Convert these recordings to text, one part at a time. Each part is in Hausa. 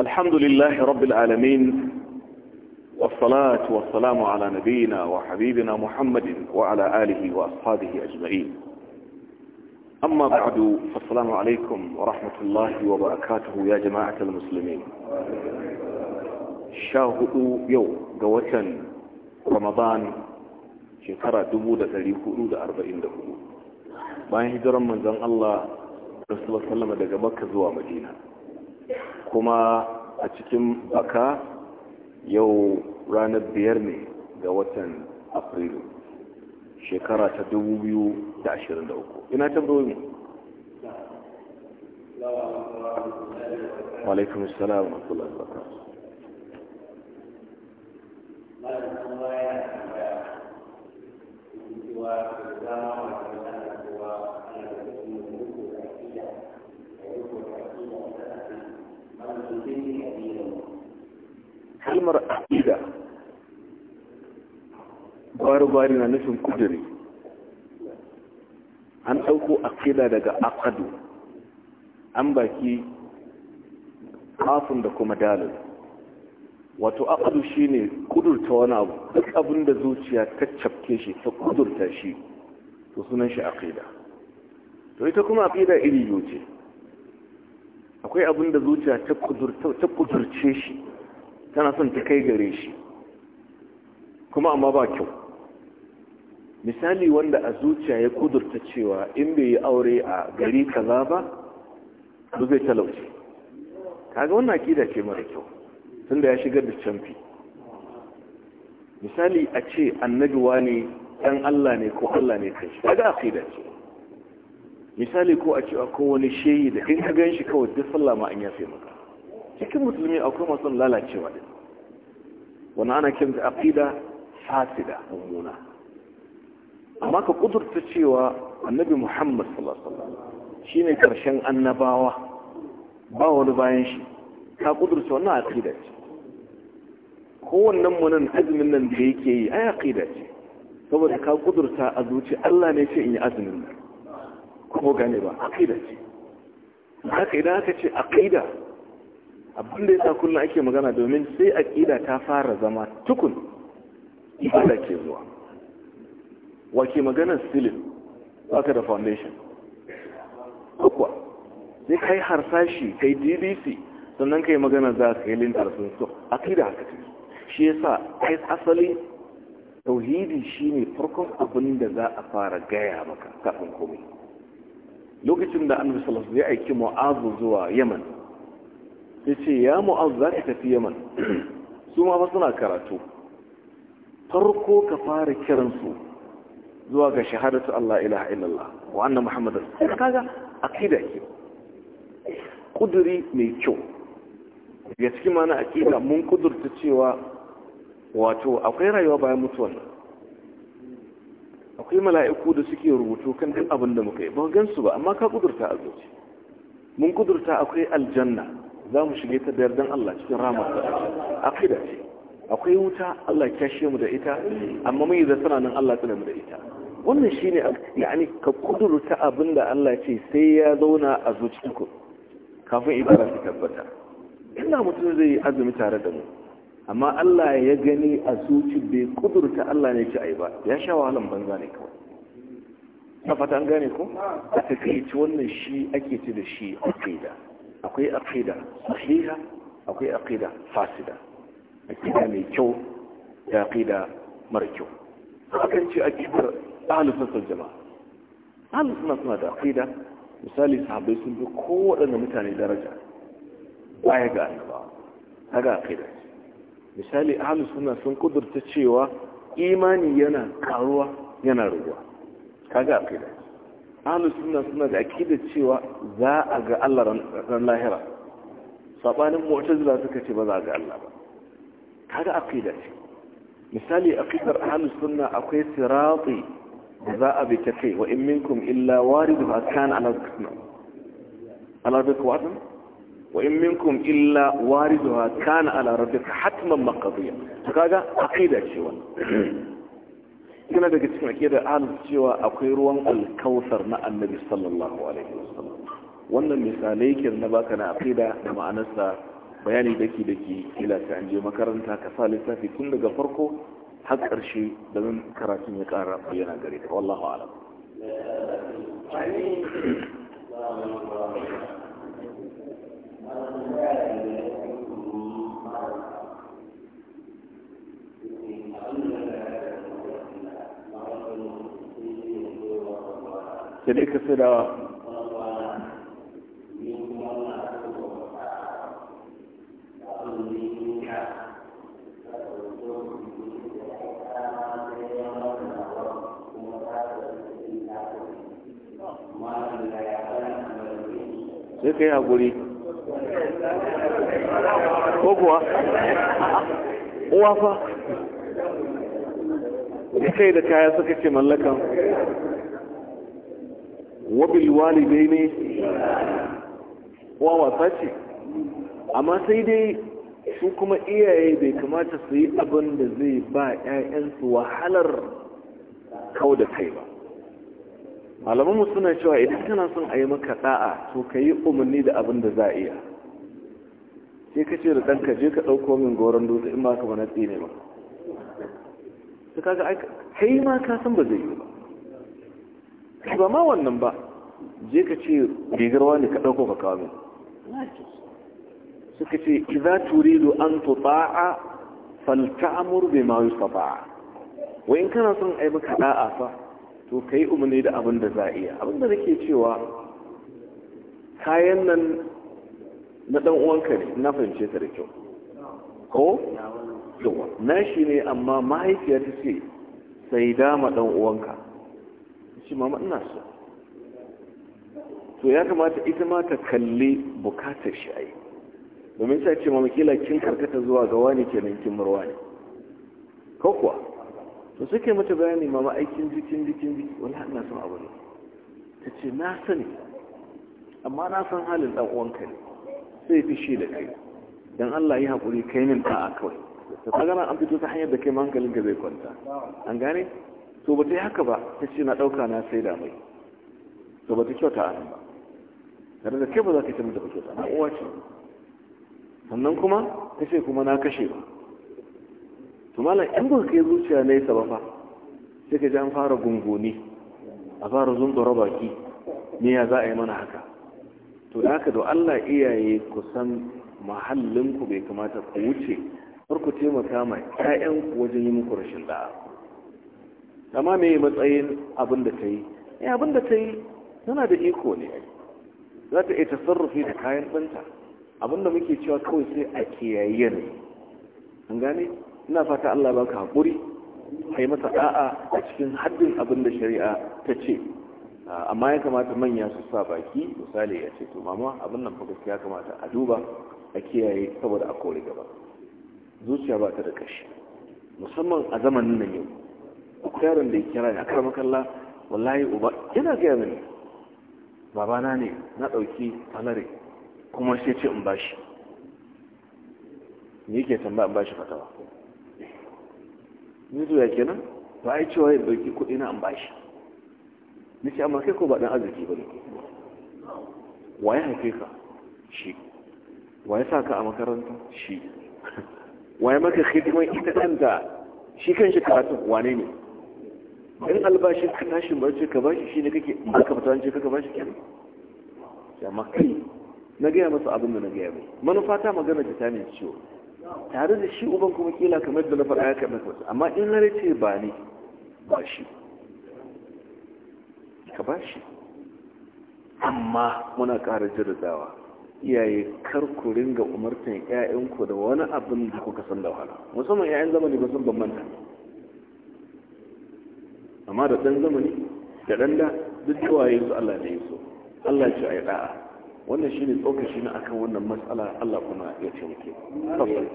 الحمد لله رب العالمين والصلاة والسلام على نبينا وحبيبنا محمد وعلى آله وأصحابه أجمعين أما بعد فالسلام عليكم ورحمة الله وبركاته يا جماعة المسلمين شاهدوا يوم قوة رمضان شكرا دمودة لكؤود أربعين دهود ما يهجر من زن الله رسول الله صلى الله عليه وسلم دقبك زوا زوى مدينة kuma a cikin baka yau ranar biyar ne ga watan afrilu shekara ta 2023 ina tambayoyi mu alaikun salam wa rahmatullahi Thank you. kalmar aƙida gwari-gwari na nufin kudiri an ɗauko aƙida daga aƙadu an baki kafin da kuma dalil wato aƙadu shi ne kudurta wani abu duk abin da zuciya ta cafke shi ta kudurta shi to sunan shi aƙida to ita kuma aƙida iri yau ce akwai abin da zuciya ta kudurce shi tana son ta kai gare shi kuma amma ba kyau misali wanda a zuciya ya kudurta cewa in bai yi aure a gari kaza ba ba zai talauci kaga wannan akida ce mara kyau tunda ya shigar da canfi misali a ce annabiwa ne ɗan Allah ne ko Allah ne kai shi kaga akida ce misali ko a ce a kowane shehi da in ka gan shi kawai duk sallama an yafe maka cikin musulmi akwai masu lalacewa din wani ana kinta aqida fasida mummuna amma ka kudurta cewa annabi muhammad sallallahu alaihi wasallam shine karshen annabawa ba wani bayan shi ka kudurta wannan aqida ce kowannen mu nan azumin nan da yake yi ai aqida ce saboda ka kudurta a zuci Allah ne ce in yi azumin nan ko gane ba aqida ce haka idan aka ce aqida abin da yasa kullum ake magana domin sai aqida ta fara zama tukun ibada ke zuwa Wa ke magana silin baka da foundation kuwa sai kai harsashi kai DDC sannan kai magana za ka yi lintar sun so aqida haka ce shi yasa kai asali tauhidi shi ne farkon abin da za a fara gaya maka kafin komai lokacin da annabi sallallahu alaihi ya aiki mu'azu zuwa yaman ta ce ya mu'az za ka tafi yaman su ma ba suna karatu farko ka fara kiransu zuwa ga shahadatu Allah ilaha illallah wa annan Muhammad sai kaga akida ke kuduri mai kyau ya cikin mana akida mun kudurta cewa wato akwai rayuwa bayan mutuwan akwai mala'iku da suke rubutu kan duk abin da muka yi ba gansu ba amma ka kudurta a zuci mun kudurta akwai aljanna za mu shige ta da yardan Allah cikin ramarsa aqida ce akwai wuta Allah ya kashe mu da ita amma mai da tana nan Allah tana mu da ita wannan shine yani ka ta abinda Allah ce sai ya zauna a zuciyarku kafin ibada ta tabbata ina mutum zai azumi tare da mu amma Allah ya gani a zuci bai kudurta Allah ne ce ai ba ya sha wahalan banza ne kawai na fata an gane ko a ci wannan shi ake ce da shi a aqida akwai aqida sahiha akwai aqida fasida aqida mai kyau da aqida mara kyau akan ce aqida ahlus sunnah jama'a ahlus sunnah suna da aqida misali sahabbai sun bi kowaɗanne mutane daraja baya ga annabawa daga aqida misali ahlus sunna sun kudurta cewa imani yana karuwa yana ruwa kaga aqida ahlus sunna suna da ake da cewa za a ga Allah ran lahira sabanin mu'tazila suka ce ba za a ga Allah ba kaga akida ce misali a akidar ahlus suna akwai sirati da za a bi ta kai wa in minkum illa wari fa kana ala sunna ala bika wadan wa in minkum illa wari waridu kana ala rabbika hatman maqdiya kaga akida ce wannan yana daga cikin akida ahlus cewa akwai ruwan alkausar na annabi sallallahu alaihi wasallam wannan misalai ke na baka na akida da ma'anarsa bayani daki daki ila ta an je makaranta ka sa tun daga farko har ƙarshe da zan karatun ya ƙara bayyana gare ka wallahu alam Thank you. sadiq sadawa sai ka yi haƙuri ko kuwa uwa fa da kai da kaya suka ce mallakan wabil walidai ne wasa ce amma sai dai su kuma iyaye bai kamata su yi abin da zai ba 'ya'yansu wahalar kau da kai ba malamanmu suna cewa idan kana son a yi maka da'a to ka yi umarni da abin da za a iya sai ka ce da ɗanka je ka ɗauko min goron dutse in ba ka ba na tsine ba su kaga kai ma ka san ba zai yi ba kai ba ma wannan ba je ka ce rigar ne ka ɗauko ka kawo min suka ce turi turidu an tuta'a bai ma yustata'a wa in kana son ai ka ɗa'a fa to ka yi umarni da abin da za iya abin da nake cewa kayan nan na dan uwanka ne na fahimce ta da kyau ko yawa na shi ne amma mahaifiya ta ce sai dama dan uwanka ce ma ina so to ya kamata ita ma ta kalli bukatar shi ai domin sai ce mama kila kin karkata zuwa ga wani kenan kin murwa ne ko kuwa to suke mata bayani mama aikin jikin jikin jiki wallahi ina son abu ne ta ce na sani amma na san halin dan uwanka ne sai fi shi da kai dan Allah yi haƙuri kai min a kawai ta ga an fito ta hanyar da kai ka zai kwanta an gane to ba ta yi haka ba ta ce na ɗauka na sai da mai to ba ta kyauta a nan ba tare da ke ba za ka ce mata ba kyauta na uwa ce sannan kuma ta ce kuma na kashe ba to malam in ba ka yi zuciya na yi ba fa sai ka ji an fara gungoni a fara zunzura baki ne ya za a yi mana haka to da haka da Allah iyaye ku san mahallinku bai kamata ku wuce har ku taimaka ma 'ya'yanku wajen yi muku rashin da'a amma me matsayin abin da ta yi eh abin da ta yi tana da iko ne za ta iya tasarrufi da kayan ɗanta abin da muke cewa kawai sai a kiyaye ne an gane ina fata Allah ba ka haƙuri kai masa ɗa'a a cikin haddin abin da shari'a ta ce amma ya kamata manya su sa baki misali ya ce to mama abin nan fa ya kamata a duba a kiyaye saboda a kore gaba zuciya ba ta da kashi musamman a zamanin nan yau akwai yaron da ya kira ya kar makalla wallahi uba yana gaya mini babana ne na ɗauki falare kuma sai ce in bashi ni yake tambaya in bashi fatawa ni zuwa kenan ba ai cewa ya ɗauki kuɗi na in bashi ni ce amma kai ko ba ɗan arziki ba ne wa ya haife ka shi wa ya sa ka a makaranta shi wa ya maka hidimar ita ɗanta shi kan shi karatun wane ne in albashin a tashin barci ka bashi shi ne kake aka fata wance kaka bashi kenan amma kai na gaya masa abin da na gaya mai manufa ta magana ta ne ciwo tare da shi uban kuma kila kamar da na faɗa ya kamar kwata amma in na ce ba ni ba shi ka bashi. amma muna ƙara jirgawa iyaye kar ku ringa umartan 'ya'yanku da wani abin da kuka san da wahala musamman 'ya'yan zamani ba sun manta. amma da ɗan zamani da ɗan da duk cewa ya su Allah da ya so Allah ce a yi ɗa'a wannan shi ne tsokashi na akan wannan matsala Allah kuma ya ce muke.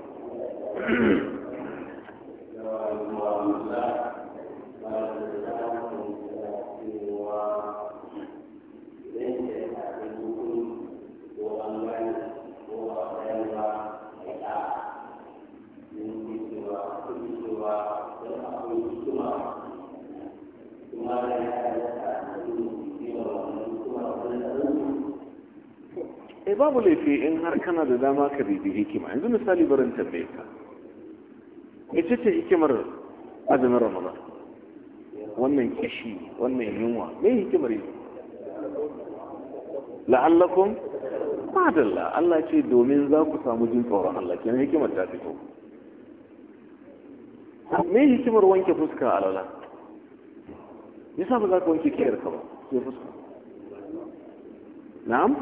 babu laifi in har kana da dama ka bibi hikima yanzu misali barin tambaye ka ita ce hikimar azumin ramadan wannan kishi wannan yunwa me hikimar yi la'allakum madalla Allah ce domin za ku samu jin tsoron Allah kenan hikimar ta fito me hikimar wanke fuska a lala yasa ba za ka wanke kiyar ka ba sai fuska na'am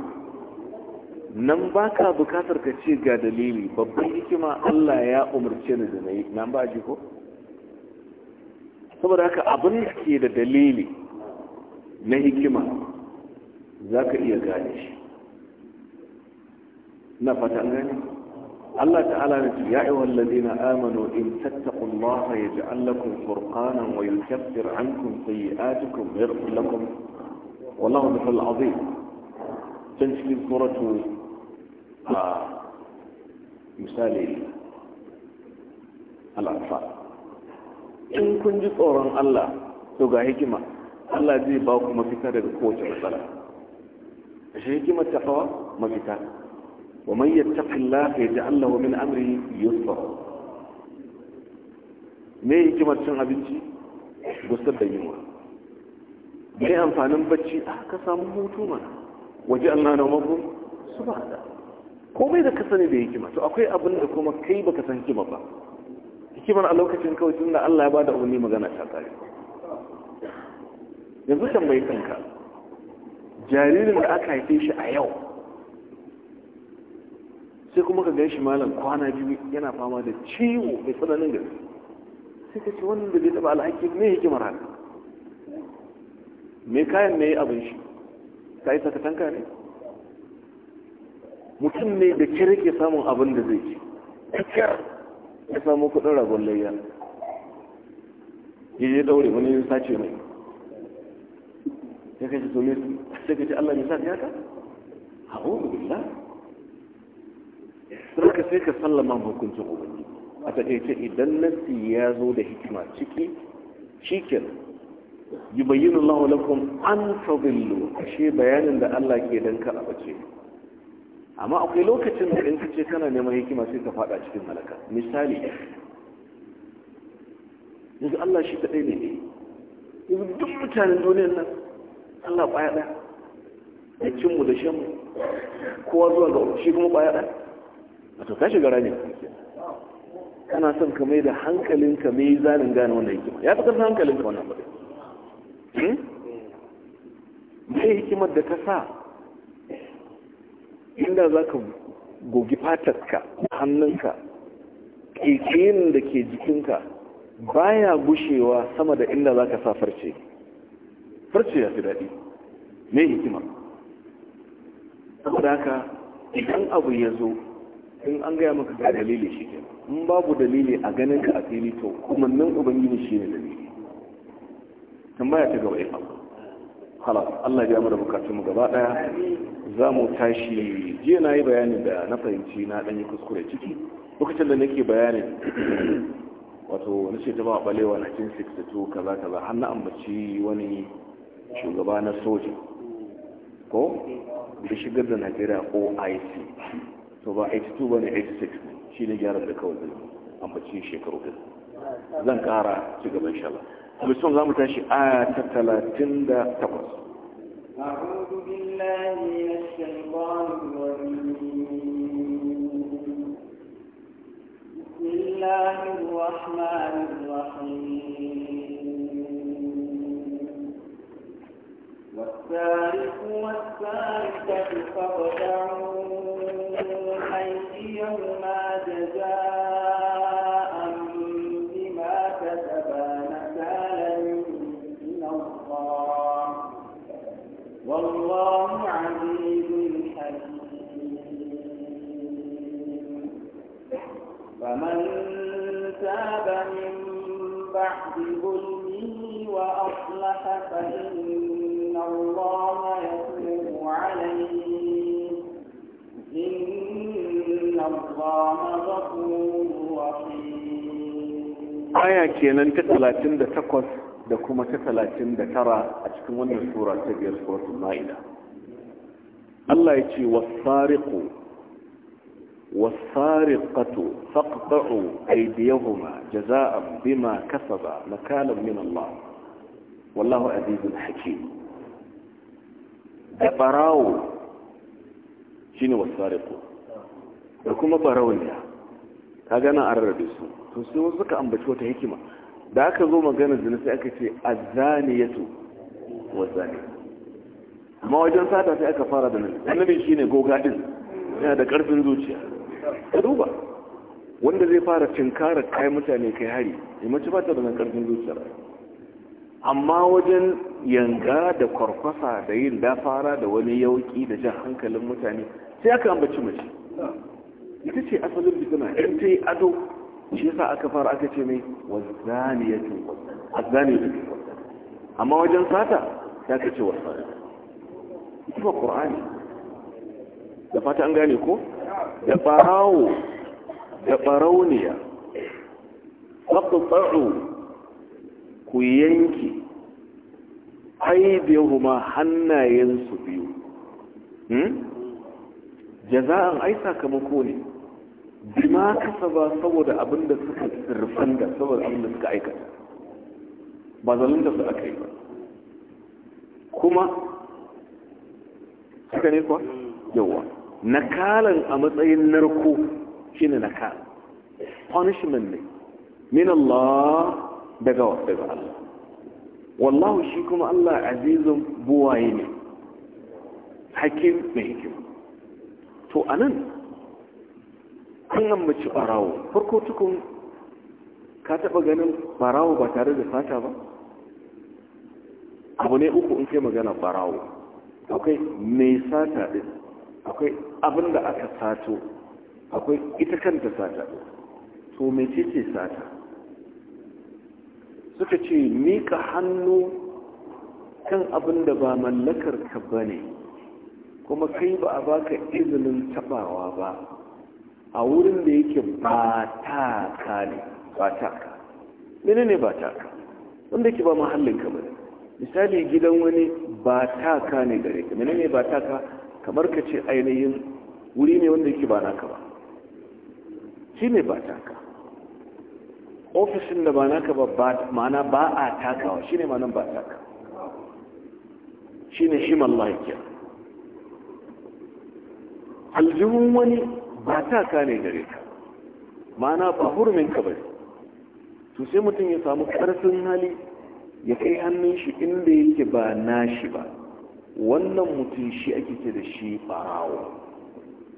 nan ba ka bukatar ka ce ga dalili babban hikima Allah ya umarce ni da na yi nan ba ji ko saboda haka abin da ke da dalili na hikima za ka iya gane shi na fata an Allah ta'ala na ce ya yi wallazi na amano in tattakun maha ya ji'an lakun furkanan wa yi kyaftir an kun sayi atikun yarfi lakun wallahu da fal'azai can cikin suratu a misali al'afa in kun ji tsoron Allah to ga hikima Allah zai ba ku mafita daga kowace matsala shi hikimar tafawa mafita wa man yattaqillaha allah wa min amri yusra me hikimar cin abinci gusar da yiwa. me amfanin bacci a ah, ka samu hutu mana waje Allah na ba da komai da ka sani da hikima to akwai abin da kuma kai baka san hikima ba hikimar a lokacin kawai tun da Allah ya bada umarni magana ta tare yanzu tambayi kanka jaririn da aka haife shi a yau sai kuma ka gan shi malam kwana biyu yana fama da ciwo mai tsananin gari sai ka ce wannan da bai taba alhaki ne hikimar haka me kayan ne abin shi ka yi sakatanka ne mutum ne da kira ke samun abin da zai ci kakar ya samu kudin ragon layya ya yi daure wani yin sace mai ya kashe to su. sai kace Allah ya sa ya ka a'udhu billah sai ka sai ka sallama hukuncin ubangiji a takaice idan nasi ya zo da hikima ciki shikenan yubayyinu Allahu lakum an tadillu ashe bayanin da Allah ke danka a bace amma akwai lokacin da in kace kana neman hikima sai ka fada cikin malaka misali yanzu Allah shi kadai ne yanzu duk mutanen duniyar nan Allah kwaya ɗaya da mu da shanmu kowa zuwa ga shi kuma baya ɗaya a to ka shiga rami kana son ka mai da hankalinka mai zanin gane wannan hikima ya fi karfin hankalinka wannan ba hmm? mai hikimar da ka sa idan da za ka gogi fatarka hannunka ƙirƙirin da ke jikinka baya gushewa sama da inda za ka sa farce farce ya fi daɗi ne hikima saboda haka idan abu ya zo in an gaya maka ga dalili shi ke in babu dalili a ganin ka a fili to nan ubangiji shi ne dalili tambaya ta gaba ya eh, halas Allah ya mu da bukatun mu gaba daya za mu tashi jiya na yi bayanin da na fahimci na ɗan yi kuskure ciki lokacin da nake bayanin wato na ce ta ba balewa 1962 kaza kaza har na ambaci wani shugaba na soja ko da shigar da najeriya oic to ba 82 ba ne 86 shi ne gyara da kawai zai ambaci shekaru ɗin zan ƙara ci gaban shala. kuma sun za mu tashi aya ta 38. بالله من الشيطان الرجيم بسم الله الرحمن الرحيم والسارق والسارقة فاقطعوا أيديهما جزاء aya kenan ta talatin da takwas da kuma ta talatin da tara a cikin wannan sura ta biyar suratul ma'ida Allah ya ce wasariqu wasariqatu faqta'u aydiyahuma jaza'a bima kasaba nakalan min Allah wallahu azizun hakim da barawo shine wasariqu da kuma barawniya kaga na arrabe su to sai wasu suka ambaci wata hikima da aka zo magana zina sai aka ce azaniyatu wa zani amma wajen sata sai aka fara da nan annabin shine goga din yana da karfin zuciya ka duba wanda zai fara tinkarar kai mutane kai hari ya mace ba ta da nan karfin zuciya amma wajen yanga da kwarkwasa da yin dafara da wani yauki da jan hankalin mutane sai aka ambaci mace ita ce asalin tana in ta yi ado shi yasa aka fara aka ce mai wazaniyatu azaniyatu amma wajen sata ka ce wasani kuma qur'ani da fata an gane ko da barawo da barauniya faqta'u ku yanki hannayen hannayensu biyu hmm jaza'an ai sakamako ne kasa ba saboda abin da suka sirfan da saboda abin da suka aikata ba da su aka yi ba kuma suka ne kuwa yawa nakalan a matsayin narko shi ne nakal punishment ne min Allah daga wasu ba Allah wallahu shi kuma Allah azizun buwaye ne hakim mai hikima to anan an mace barawo farko tukun ka taɓa ganin barawo ba tare da fata ba abu ne uku in kai magana barawo akwai mai sata ɗin akwai abin da aka sato akwai ita kanta sata ɗin to mai ce sata suka ce mika hannu kan abin da ba mallakar ka ba ne kuma kai ba a baka izinin taɓawa ba a wurin da yake ba ka ne ba ka mene ne ba ka wanda yake ba mahallin ka bane misali gidan wani ba ka ne gare ka mene ne ba ka kamar ka ce ainihin wuri ne wanda yake ba naka ba shi ne ba ka ofishin da ba naka ba ma'ana ba a takawa shi ne ma'anan ba ka shi ne shi mallakiya kira aljihun wani ba ta ka ne gare ka ma'ana ba hurumin ka bane to sai mutum ya samu karfin hali ya kai hannun shi inda yake ba na shi ba wannan mutum shi ake ce da shi barawo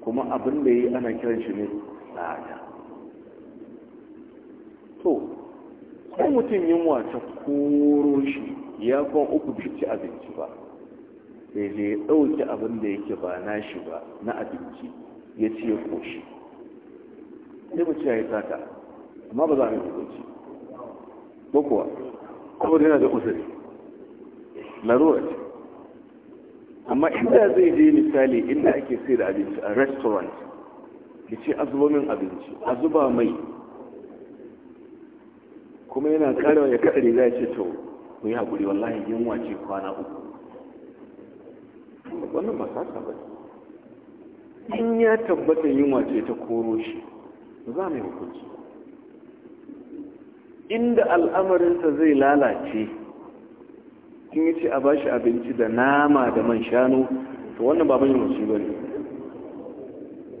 kuma abin da yi ana kiran shi ne tsada to ko mutum yin wata koro shi ya kwan uku bai ci abinci ba sai ya ɗauki abin da yake ba na shi ba na abinci ya ce ya koshi sai mu ce ya yi sata amma ba za a yi hukunci ko kuwa da yana da na larura ce amma inda zai je misali inda ake sai da abinci a restaurant ya ce azubomin abinci a zuba mai kuma yana karewa ya kaɗa riga ya ce to mu yi haƙuri wallahi yunwa ce kwana uku wannan ba sata ba ne in ya tabbata yunwa ce ta koro shi za mu hukunci inda al'amarinsa zai lalace in yi ce a ba shi abinci da nama da man shanu to wannan baban yi wasu bane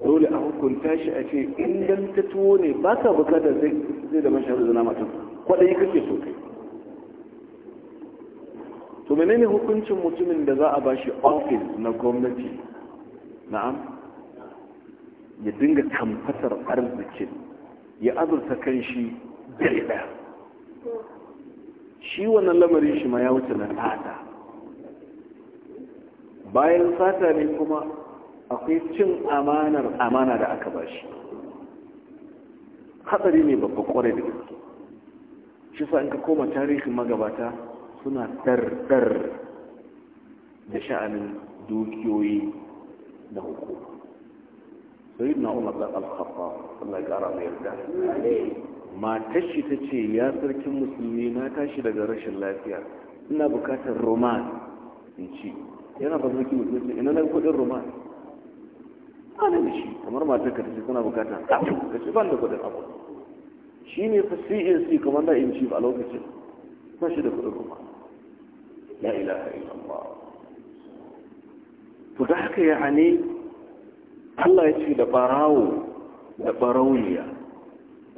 dole a hukunta shi a ce in dan ta tuwo ne ba ka bukata zai da man shanu da nama tun kwaɗayi kake so kai to menene hukuncin mutumin da za a ba shi ofis na gwamnati na'am ya dinga kamfatar arzikin ya azurta kan shi dare ɗaya shi wannan lamarin shi ma ya wuce na sata. bayan sata ne kuma akwai cin amanar amana da aka ba shi hatsari ne babba kwarai da gaske shi sa in ka koma tarihin magabata suna dardar da sha'anin dukiyoyi na hukuma sayyidina umar dan al-khattab Allah ya kara mai yarda matar shi ta ce ya sarkin musulmi na tashi daga rashin lafiya ina bukatar roman in ci yana ba sarki musulmi ina na kudin roman ana da shi kamar matar ka ce tana bukatar abu ka ce ban da kudin abu shi ne fa cnc commander in chief a lokacin ba shi da kudin roman la ilaha illallah to da haka ya ne Allah ya ce da barawo da barauniya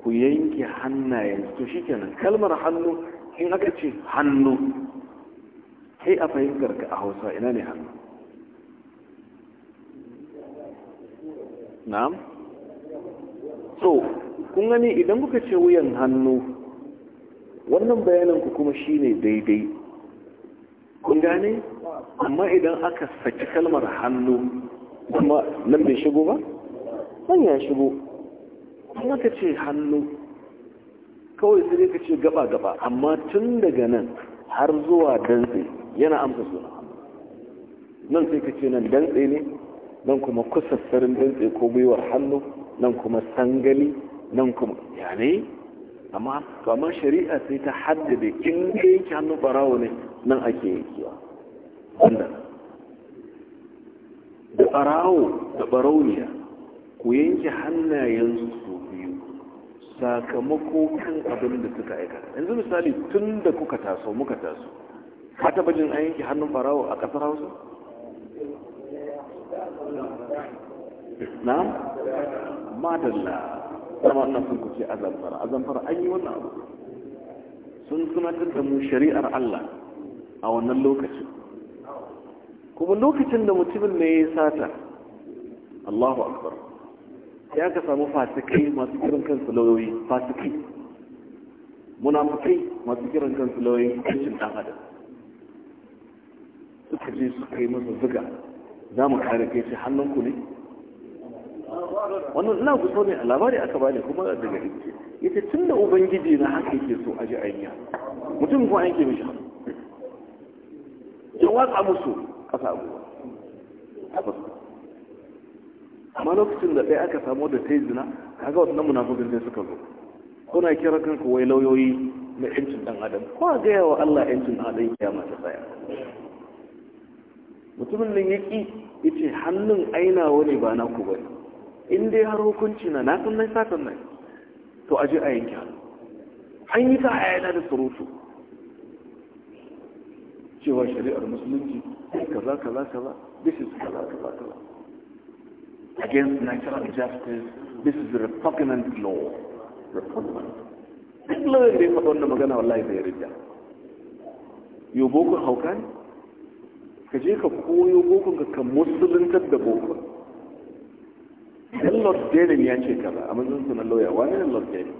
ku yanke hannayen to kenan kalmar hannu in aka ce hannu sai a fahimtar ka a hausa ina ne hannu na'am so kun gani idan kuka ce wuyan hannu wannan bayanan ku kuma shine daidai kun gane amma idan aka saki kalmar hannu kuma nan bai shigo ba nan ya shigo kuma ka ce hannu kawai sai ka ce gaba gaba amma tun daga nan har zuwa dantse yana amsa suna nan sai ka ce nan dantse ne nan kuma kusassarin dantse ko gwiwar hannu nan kuma sangali nan kuma yanayi, amma to amma shari'a sai ta haddade in ka yanke hannu barawo ne nan ake yankewa wanda da ɓarawo da ɓarauniya ku yanke hannayensu su biyu sakamako kan abin da suka aikata yanzu misali tun da kuka taso muka taso ka taɓa jin an yanke hannun ɓarawo a ƙasar hausa na madalla kuma wannan sun kuce azamfara azamfara an yi wannan abu sun tunatar da mu shari'ar allah a wannan lokacin kuma lokacin da mutumin ne ya sata Allahu akbar ya ka samu fasikai masu kiran kansu lauyoyi fasikai munafukai masu kiran kansu lauyoyi cikin dan adam suka je su yi masa zuga za mu kare kai shi hannunku ne wannan ina guso ne a labari aka bani kuma daga Ya ce tun da ubangiji na haka yake so a ji ainiya mutum kuma yake mishi jawab a musu ƙasa abuwa tabbas amma lokacin da ɗaya aka samu da ta yi zina kaga wasu munafukin ne suka zo kuna kira kanku wai lauyoyi na yancin ɗan adam ko a gaya wa Allah yancin ɗan adam ya mata tsaya mutumin nan ya ƙi ya ce hannun aina wani ba na ku bane in dai har hukunci na na san nai sakan nai to a ji a yanke hannu an yi ta yana da surutu cewa shari'ar musulunci kaza kaza kaza this is kaza kaza kaza against natural justice this is repugnant law repugnant duk lawyer da ya faɗa wannan magana wallahi bai rida yo boko hauka ne ka je ka koyo boko ka ka musuluntar da boko idan lord denin ya ce kaza a manzon sunan lawyer wani ne lord denin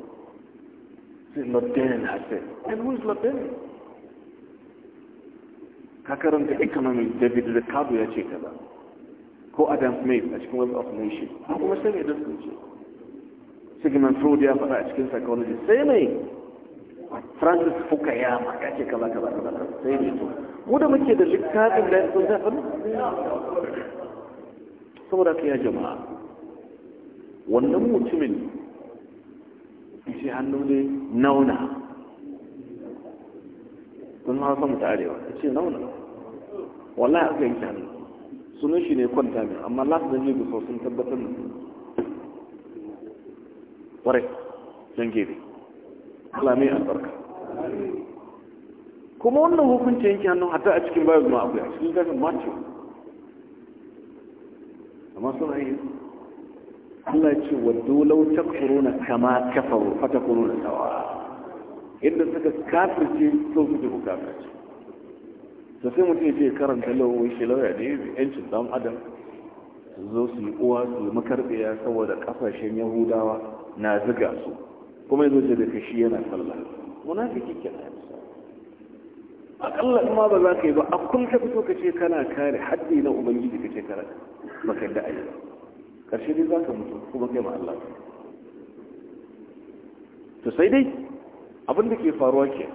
sai lord denin in said and who is lord denin ka karanta economic david ricardo ya ce kaza ko adam smith a cikin web of nation kuma sai da dasu ce sigmund freud ya faɗa a cikin psychology sai mai francis fuka ya maka ce kaza kaza kaza sai mai to mu da muke da littafin da sun zafi saboda ka ya jama'a wannan mutumin shi hannu ne nauna sun hausa mu ta ce nauna wallahi aka yanke hannu sunan shi ne kwanta ne amma lafi da jirgin sau sun tabbatar da ƙwarai don gebe Allah mai albarka kuma wannan hukunci yanke hannu hatta a cikin bayan zuwa akwai a cikin gafin mace amma suna yi Allah ce wa dolau ta kuruna kama kafaru fata kuruna tawa inda suka kafirce sau su ku kafirce to sai mutum ce karanta lauyoyi shi lauya da yancin dan adam su zo su yi uwa su yi makarbiya saboda kasashen yahudawa na ziga su kuma yanzu ce da kashi yana sallah munafiki kenan akalla kuma ba za ka yi ba a kun ta fito ka ce kana kare haddi na ubangiji ka ce kare baka da ayi karshe dai za ka mutu kuma kai ma Allah to sai dai abin da ke faruwa ke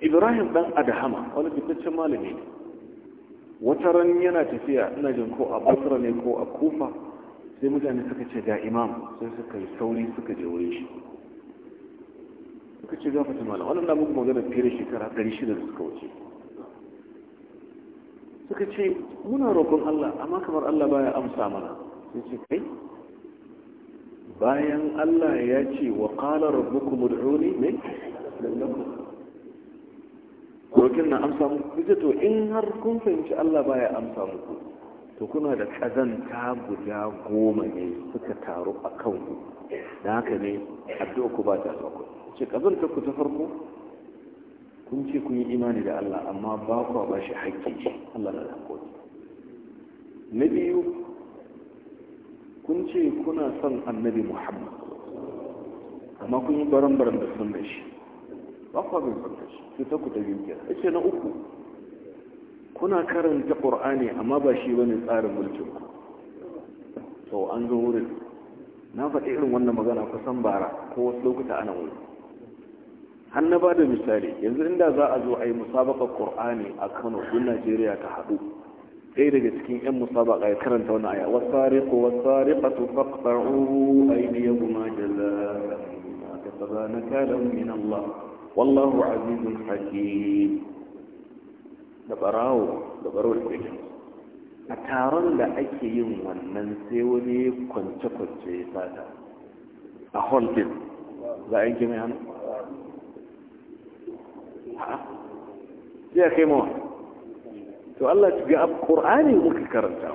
ibrahim dan adahama wani fitaccen malami ne wata ran yana tafiya ina jin ko a basra ne ko a kufa sai mutane suka ce ga imam sai suka yi sauri suka je wurin shi suka ce ga fatima malam wannan namun magana fiye da shekara 600 da suka wuce suka ce muna roƙon Allah amma kamar Allah baya amsa mana sai ce kai bayan Allah ya ce wa qala rabbukum ud'uni ne lakum roƙin na amsa muku kuje to in har kun fahimci Allah baya amsa muku to kuna da ƙazanta guda goma ne suka taru a kan ku da haka ne addu'a ku ba ta sauko ce kazanta ku ta farko kun ce kun yi imani da Allah amma ba ku ba shi haƙƙi Allah na hakuri na biyu kun ce kuna son annabi Muhammad amma kun yi baran-baran da sun da shi ba kwa min son shi? cutar ku ta biyu ce na uku kuna karanta qur'ani amma ba shi bane tsarin mulkin ku to an zo wurin na faɗi irin wannan magana kusan bara ko wasu lokuta ana wuri har na ba da misali yanzu inda za a zo a yi musabakar qur'ani a kano duk najeriya ta haɗu ɗaya daga cikin 'yan musabaka ya karanta wani aya wasariqu wasariqatu faqta'u aydiyahuma jazaa ma na kalam min Allah wallahu azizun hakim da barawo da barawo da kwaikin a taron da ake yin wannan sai wani kwance-kwance ya fata a holden za a yanke mai hannu ya kai mawa to Allah ga ƙur'ani muka karanta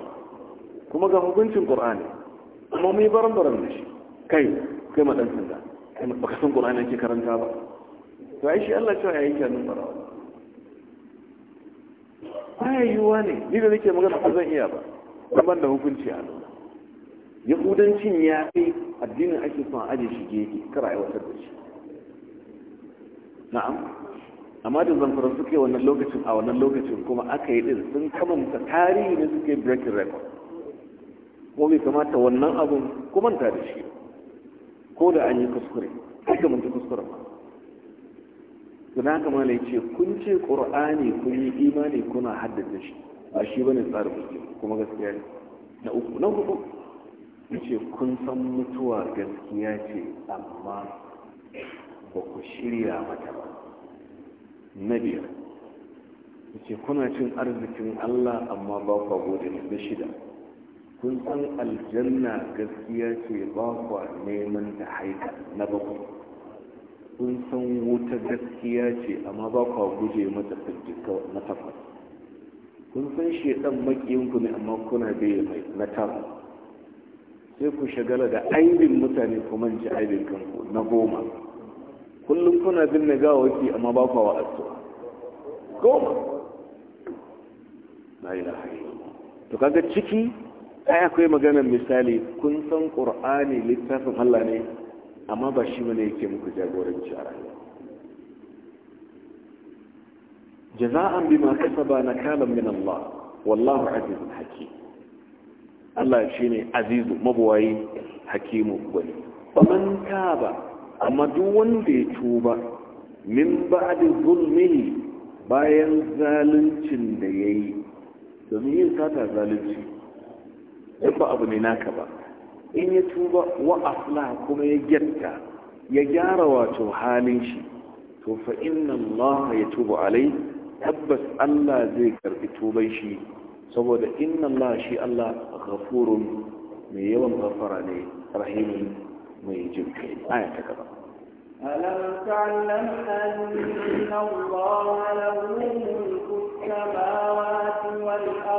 kuma ga hukuncin ƙur'ani kuma mu yi baran-baran da shi kai kai maɗan sanda kai ba ka san ƙur'ani ake karanta ba to ai shi Allah cewa ya kanin hannun barawa ai yiwuwa ne ni da nake magana ba zan iya ba daban da hukunci a nuna yahudancin ya kai addinin ake son aje shi gefe kar a wata da shi na'am amma da zamfara suke wannan lokacin a wannan lokacin kuma aka yi din sun kamanta tarihi ne suke breaking record kuma bai kamata wannan abun kuma ta da shi ko da an yi kuskure ai ga mun kuskure ba suna kama ne ce kun ce ƙur'ani kun yi imani kuna haddace shi ba shi bane tsarin musulmi kuma gaskiya ne na uku na hudu ya ce kun san mutuwa gaskiya ce amma ba ku shirya mata ba na biyar ya ce kuna cin arzikin allah amma ba ku gode na shida kun san aljanna gaskiya ce ba ku neman ta haika na bakwai kun san wuta gaskiya ce amma ba kwa guje mata sajjika na takwas kun san shedan makiyinku ne amma kuna bai mai na tara sai ku shagala da aibin mutane ku manci aibin kanku na goma kullum kuna bin na gawaki amma ba kwa wa'azu goma na yi to kaga ciki ai akwai maganar misali kun san ƙur'ani littafin Allah ne amma ba shi mana yake muku jagoranci a rayuwa jaza'an bima kasaba kalan min Allah wallahu azizun hakim Allah shine azizu mabuwayi hakimu gwani faman ba amma duk wanda ya tuba min ba'di zulmihi bayan zaluncin da yayi domin yin sata zalunci duk ba abu ne naka ba in ya tuba wa asla kuma ya gyatta ya gyara wato halin shi to fa inna Allah ya tuba alai tabbas Allah zai karbi tuban shi saboda inna Allah shi Allah ghafurun mai yawan ghafara ne rahimin mai jin kai aya ta gaba ألم تعلم أن الله له ملك السماوات والأرض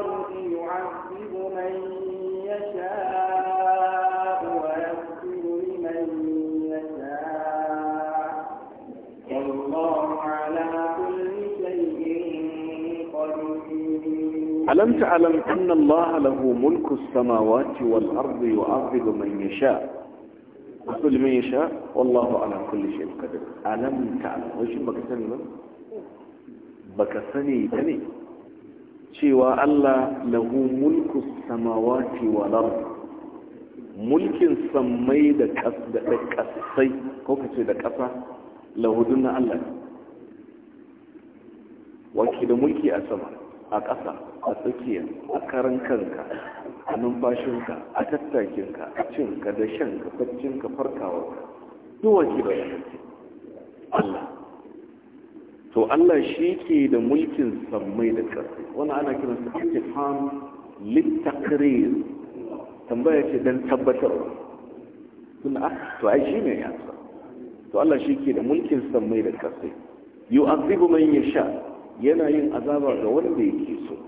ألم تعلم أن الله له ملك السماوات والأرض يعذب من يشاء يقول من يشاء والله على كل شيء قدير ألم تعلم وش بكسني بكسني تاني شيوا الله له ملك السماوات والأرض ملك سمي دا كسي كوكسي دا كسا له دون الله وكي دا ملكي أسمع أكسر a tsakiya a karan kanka a numfashinka a tattakinka a cinka da shan shanka baccinka farkawarka duwa ke bayanan Allah to Allah shi ke da mulkin sammai da ƙarfi wani ana kiran su ake fam littakrir tambaya ce don tabbatar. tun a ah, to ai shi ne ya to Allah shi ke da mulkin sammai da ƙarfi yu'azibu man yasha yana yin azaba ga wanda yake so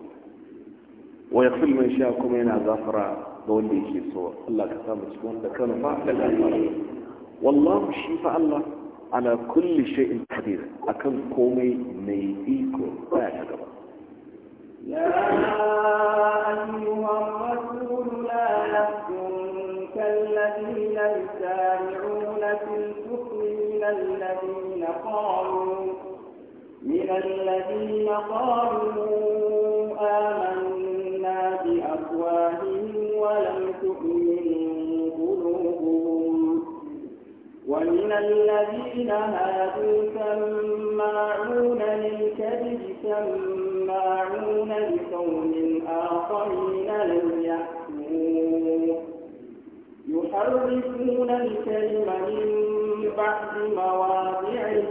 ويغفر من شاء كما ينا غفرا دولي شي صور الله كتاب تكون كانوا فاعل والله شفاء الله على كل شيء قدير أكن كومي ميئيكو لا يا يا أيها الرسول لا يحزنك الذين يسامعون في الكفر من الذين قالوا من الذين قالوا آمنوا ومن الذين هادوا سماعون للكذب سماعون لقوم آخرين لم يحكموه يحرفون الكلم من بعد مواضعه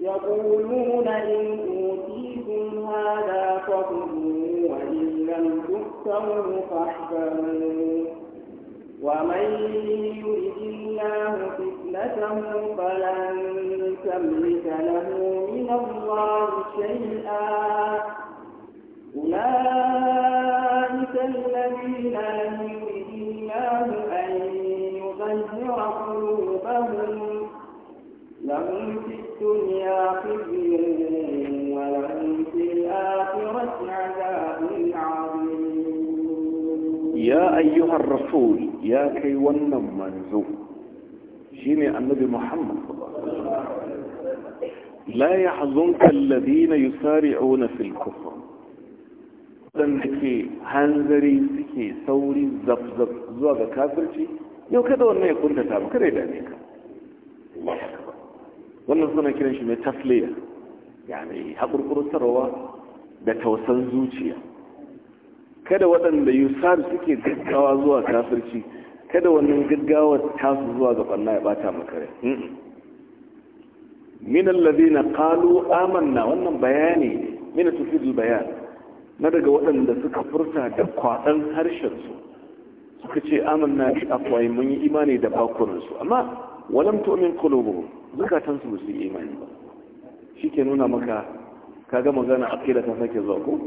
يقولون إن أوتيتم هذا فخذوه وإن لم تؤتوه فاحذروه ومن يرد الله فتنته فلن تملك له من الله شيئا أولئك الذين لم يرد الله أن يغير قلوبهم لهم في الدنيا خزي ya ayyuhar rasul ya kai wannan manzo shine annabi muhammad la yahzunka alladhina yusari'una fil kufr dan ke hanzari suke sauri zabzab zuwa ga kafirci yau kada wannan ya ta, ba kada da ne ka wannan suna kiran shi mai tafliya yani hakurkurutarwa da tausan zuciya kada waɗanda yusar suke gaggawa zuwa kafirci kada wannan gaggawa tasu zuwa ga ɓanna ya ɓata maka rai min na ƙalu amanna wannan bayani min tufidul bayan na daga waɗanda suka furta da kwaɗan harshen su suka ce amanna bi akwai mun yi imani da bakuransu amma walam tu'min qulubuhum zakatan su su imani ba shike nuna maka ka kaga magana akida ta sake zuwa ko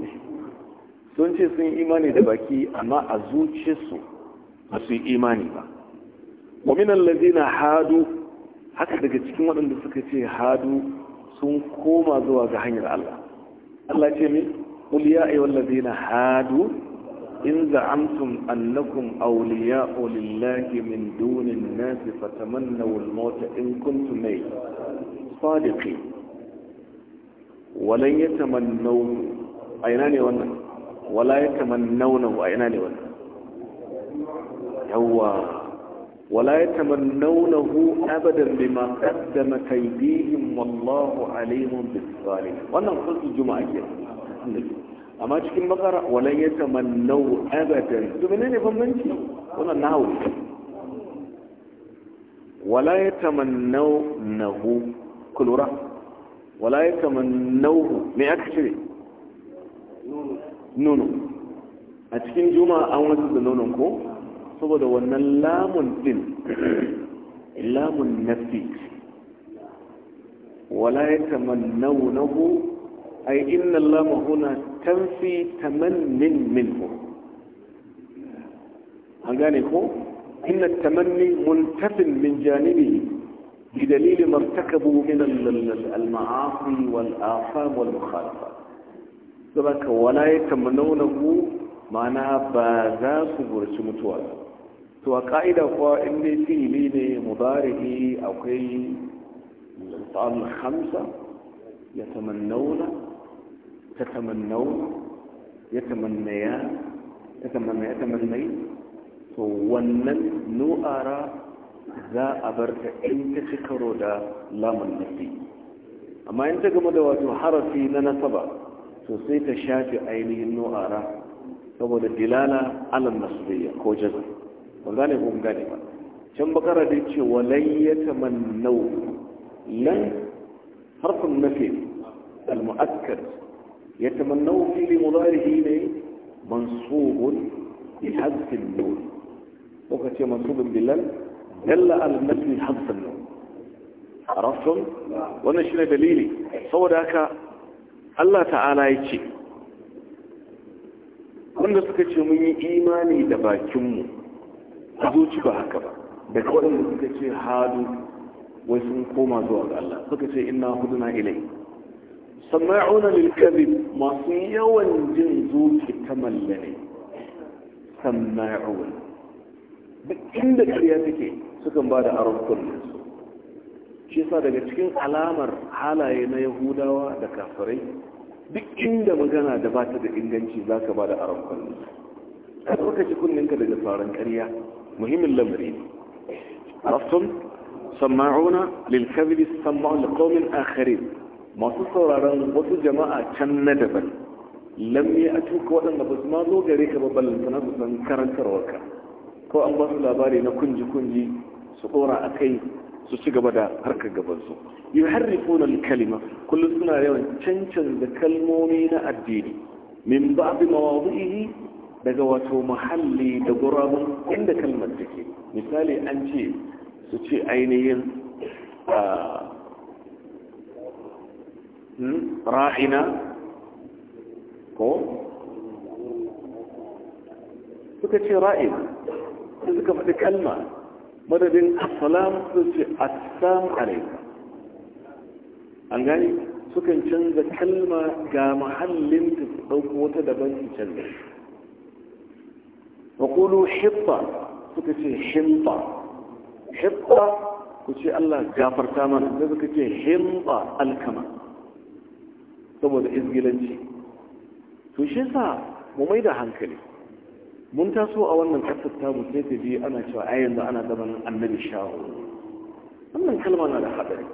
sun ce sun imani da baki amma a zuciyarsu ba su yi imani ba wa min allazina hadu haka daga cikin waɗanda suka ce hadu sun koma zuwa ga hanyar Allah Allah ce min qul ya ayyuhallazina hadu in za'amtum annakum awliya'u lillahi min dunin nasi fatamannaw al-maut in kuntum sadiqin A ina ne wannan? ولا يتمنونه أين لون يوى ولا يتمنونه أبدا بما قدم ايديهم والله عليهم بالظالم وانا نقص الجمعة أما تشكي مقرأ ولا يتمنوا أبدا تمنين يفهم منك ولا ناوي ولا يتمنونه كل ولا يتمنوه مئة كشري nono a cikin juma'a an wasu da nonon ko saboda wannan lamun din lamun nafi wala ya na tamannawunahu ay inna allama huna tanfi tamannin min minhu an gane ko inna tamanni muntafin min dalilin janibihi بدليل ما ارتكبوا من المعاصي والآثام والمخالفات saboda wala ya tamannuna ku mana ba za su burci mutuwa to a ka'ida kuwa in dai fi'ili ne mubarihi akwai al hamsa ya tamannuna ta tamannuna ya tamannaya ya tamannaya tamannai to wannan nu'ara za a bar ta in ta ci da lamun nafi amma in ta gama da wato harafi na nasaba to sai ka shafi ainihin nu'ara saboda dilala alal nasriya ko jaza ban gane ko gane ba can bakara da ce walai ya tamannau lan harfin nafi al-mu'akkad ya tamannau fi mudarihi ne mansubun bi hadfin nun ko ka ce mansubun bilal dalla al-nafi hadfin nun arafun wannan shine dalili saboda haka Allah ta'ala ya ce wanda suka ce mun yi imani da bakinmu a zuci ba haka ba daga waɗanda suka ce hadu wai sun koma zuwa ga Allah suka ce inna huduna ilai sama'una lil kadhib masu yawan jin zuci ta mallane sama'un duk inda ƙarya take sukan ba da aron shi sa daga cikin alamar halaye na yahudawa da kafirai duk inda magana da ba ta da inganci za ka ba da aron kwallo ka ɗauka ci kunninka daga sauran karya muhimmin lamari rafton sama'una lilkazili sama'un da ƙaumin akharin masu sauraron wasu jama'a can na daban lamme a tuka waɗanda ba su ma zo gare ka babban lantana su san karantarwarka ko an ba su labari na kunji-kunji su ɗora a kai su ci gaba da harkar gabansu yi harrifuna kalima kullum suna yawan cancan da kalmomi na addini min ba ba'd mawadhihi daga wato muhalli da gurabun inda kalmar take misali an ce su ce ainihin hmm, ra'ina ko suka ce ra'ina suka faɗi kalma madadin assalam sun ce assam alaika an gani sukan canza kalma ga mahallin ta su ɗauko wata daban su canza wa kulu hibba suka ce himba hibba ku ce Allah gafarta mana da suka ce himba alkama saboda izgilanci to shi sa mu mai da hankali mun taso a wannan ƙasar ta mu sai tafi ana cewa ai yanzu ana gaban annabi shawo wannan kalma na da haɗari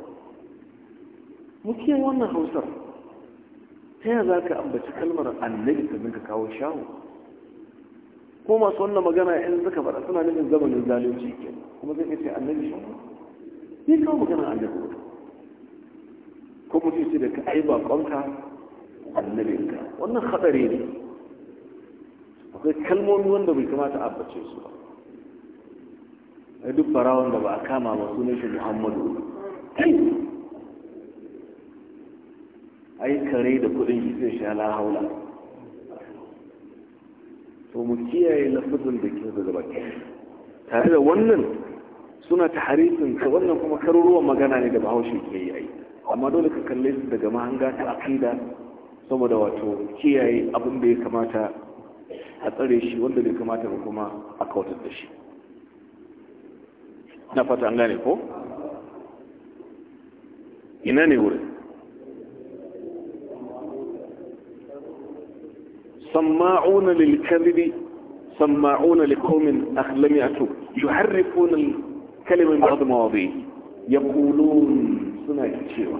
mukiyan wannan hausar ta yaya za ka ambaci kalmar annabi sannan ka kawo shawo ko masu wannan magana in suka faɗa suna nufin zamanin zalunci ke kuma zai ce annabi shawo ne kawo magana annabi ko mutum ce da ka ai baƙonka annabinka wannan haɗari ne akwai kalmomi wanda bai kamata a bace su ba a duk barawon da ba a kama ba sunan shi muhammadu ai kare da kudin shi sai sha lahaula to mu kiyaye lafazin da ke zaba baki tare da wannan suna ta harifin ka wannan kuma karuruwan magana ne da bahaushe ke yi amma dole ka kalle su daga mahanga ta akida saboda wato kiyaye abin da ya kamata a tsare shi wanda bai kamata ba kuma a kautar da shi na fata an gane ko ina ne wurin سماعون للكذب سماعون لقوم أخلم يأتوا يحرفون الكلمة من بعض مواضيه يقولون سنة كثيرة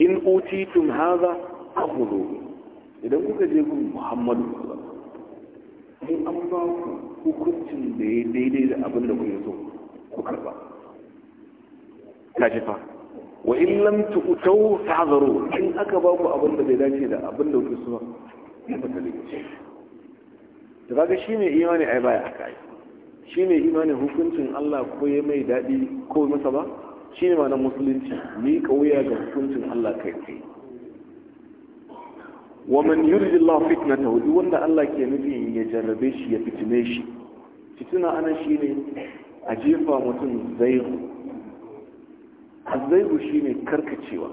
إن أوتيتم هذا أخذوه إذا كنت يقول محمد صلى الله عليه وسلم sai an ba ku hukuncin da ya daidai da abin da kuke so ku karba kaji fa wa in lam tu'tau fa'zaru in aka ba ku abin da bai dace da abin da kuke so ya fata lokaci to kaga shine imani ai baya kai shine imani hukuncin Allah ko ya mai dadi ko masa ba shine ma na musulunci ni kauya ga hukuncin Allah kai kai wa man yuridu Allah fitnatahu duk wanda Allah ke nufi ya jarrabe shi ya fitine shi fitina anan shine a jefa mutum zaihu azzaihu shine karkacewa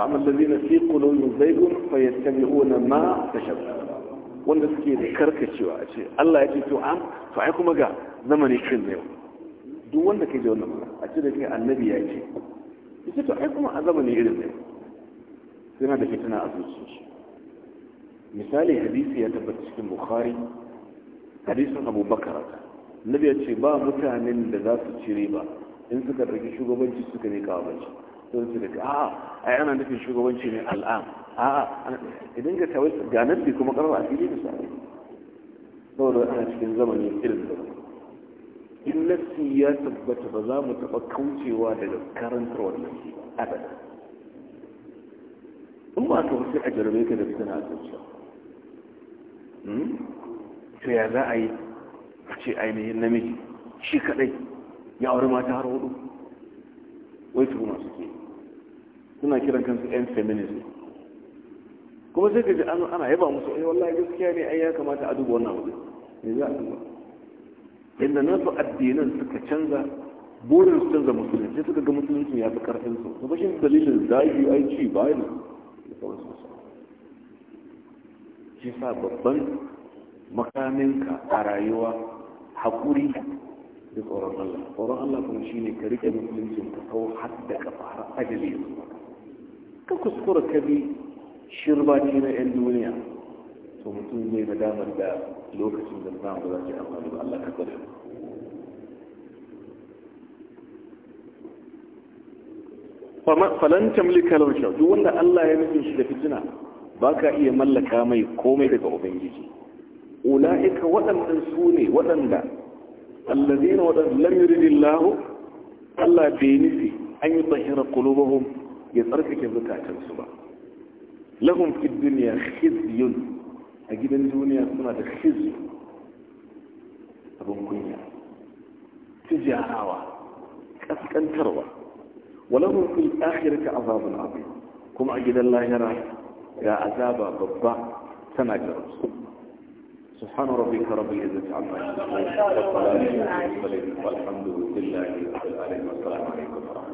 amma allazina fi qulubihim zaihun fayattabi'una ma tashabbaha wanda suke da karkacewa a ce Allah ya ce to am to ai kuma ga zamanin kin yau duk wanda ke ji wannan a ce da kai annabi ya ce ita to ai kuma a zamanin irin ne suna na da fitina a zuciyarsa misali hadisi ya tabbata cikin bukhari hadisin abu bakar nabi ya ce ba mutanen da za su ci riba in suka ɗauki shugabanci suka ne kawo bashi don su daga a'a ai ana nufin shugabanci ne al'am a'a idan ka tawai ga nabi kuma karfa a fili misali saboda ana cikin zamani irin da in nassi ya tabbata ba za mu taɓa kaucewa daga karantarwar nassi abada in ba ka wasu a jarabe ka da fitina a zuciya Hmm? to ya za a yi a ce ainihin namiji shi kadai ya auri mata har hudu wai masu suke suna kiran kansu yan feminism kuma sai ka ji ana yaba musu ai eh, wallahi gaskiya ne ai ya kamata a duba wannan wuri ne za a duba inda su addinan suka canza burin su canza musulunci suka ga musulunci ya fi karfin su kuma shi dalilin zagi yi ci bayan da sauransu kisa sa babban makaminka a rayuwa haƙuri da tsoron Allah tsoron Allah kuma shine ka rike musuluncin ka kawo har da kafa har ajali ka kuskura ka bi shirbaci na 'yan duniya to mutum zai damar da lokacin da za mu zaki amfani da Allah ka gwada falan tamlika lausha duk wanda Allah ya nufin shi da fitina ba ka iya mallaka mai komai daga ubangiji ula'ika waɗannan su ne waɗanda allazina waɗanda lam yuridillahu Allah bai nufi an yi tsahira qulubahum ya tsarkake zukatansu ba lahum fid dunya khizyun a gidan duniya suna da khizyu abin kunya tijarawa kaskantarwa walahum fil akhirati azabun azim kuma a gidan lahira يا عذاب بالضع كما جرس سبحان ربك رب العزة عما يصفون والسلام والحمد لله رب العالمين والسلام عليكم ورحمة الله